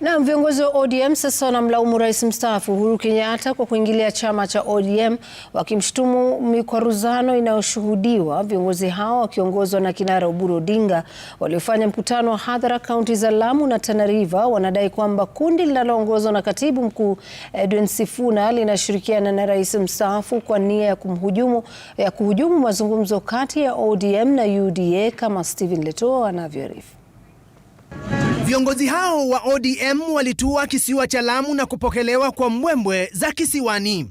Na viongozi wa ODM sasa wanamlaumu rais mstaafu Uhuru Kenyatta kwa kuingilia chama cha ODM, wakimshutumu mikwaruzano inayoshuhudiwa, viongozi hao wakiongozwa na kinara Oburu Odinga waliofanya mkutano wa hadhara kaunti za Lamu na Tana River. Wanadai kwamba kundi linaloongozwa na katibu mkuu Edwin Sifuna linashirikiana na rais mstaafu kwa nia ya kumhujumu, ya kuhujumu mazungumzo kati ya ODM na UDA, kama Stephen Letoo anavyoarifu. Viongozi hao wa ODM walitua kisiwa cha Lamu na kupokelewa kwa mbwembwe za kisiwani.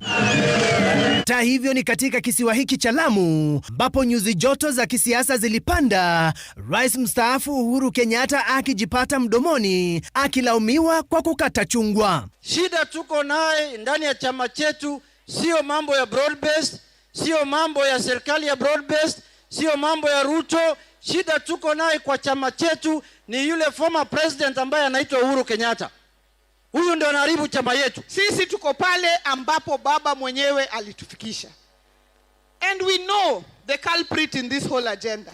Hata hivyo, ni katika kisiwa hiki cha Lamu ambapo nyuzi joto za kisiasa zilipanda, Rais mstaafu Uhuru Kenyatta akijipata mdomoni akilaumiwa kwa kukata chungwa. Shida tuko naye ndani ya chama chetu sio mambo ya broad based, sio mambo ya serikali ya broad based, sio mambo ya Ruto shida tuko naye kwa chama chetu ni yule former president ambaye anaitwa Uhuru Kenyatta. Huyu ndio anaharibu chama yetu. Sisi tuko pale ambapo baba mwenyewe alitufikisha, and we know the culprit in this whole agenda,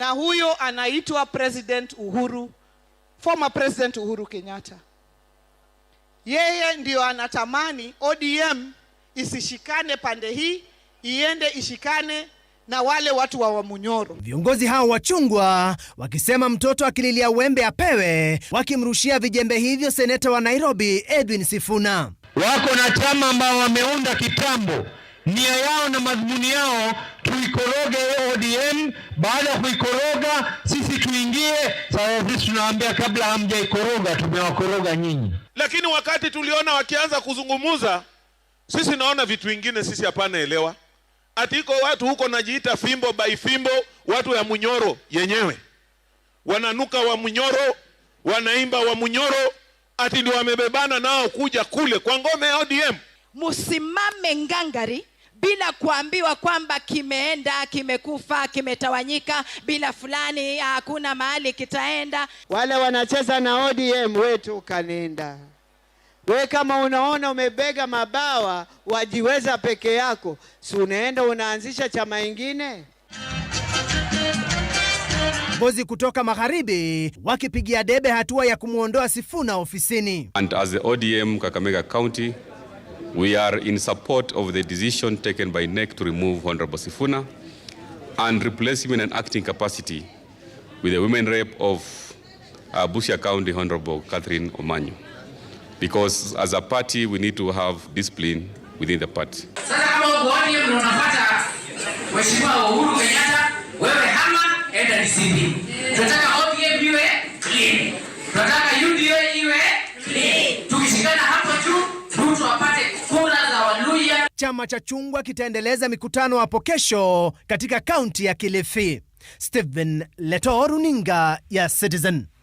na huyo anaitwa President Uhuru, former President Uhuru Kenyatta. Yeye ndio anatamani ODM isishikane pande hii, iende ishikane na wale watu wa Wamunyoro. Viongozi hao wachungwa wakisema mtoto akililia wembe apewe, wakimrushia vijembe hivyo seneta wa Nairobi Edwin Sifuna. Wako na chama ambao wameunda kitambo, nia yao na madhumuni yao tuikoroge ODM. Baada ya kuikoroga sisi tuingie. Sasa sisi tunawaambia kabla hamjaikoroga, tumewakoroga nyinyi. Lakini wakati tuliona wakianza kuzungumuza, sisi naona vitu vingine, sisi hapana elewa atiko watu huko najiita fimbo by fimbo watu ya munyoro yenyewe wananuka wa munyoro wanaimba wa munyoro ati ndio wamebebana nao kuja kule kwa ngome ya odm msimame ngangari bila kuambiwa kwamba kimeenda kimekufa kimetawanyika bila fulani hakuna mahali kitaenda wale wanacheza na odm wetu kanenda we kama unaona umebega mabawa wajiweza peke yako, si unaenda unaanzisha chama ingine? Viongozi kutoka magharibi wakipigia debe hatua ya kumwondoa Sifuna ofisini. And as the ODM Kakamega County, we are in support of the decision taken by NEC to remove Honorable Sifuna and replace him in an acting capacity with the women rep of uh, Busia County Honorable Catherine Omanyo because as a party we need to have discipline within the party. Sasa kama unapata mheshimiwa Uhuru Kenyatta, wewe hama enda DCP. Tunataka ODM iwe clean. Tunataka UDA iwe clean. Tukishikana hapo juu apate za Waluya. Chama cha Chungwa kitaendeleza mikutano hapo kesho katika kaunti ya Kilifi. Stephen Leto, runinga ya Citizen.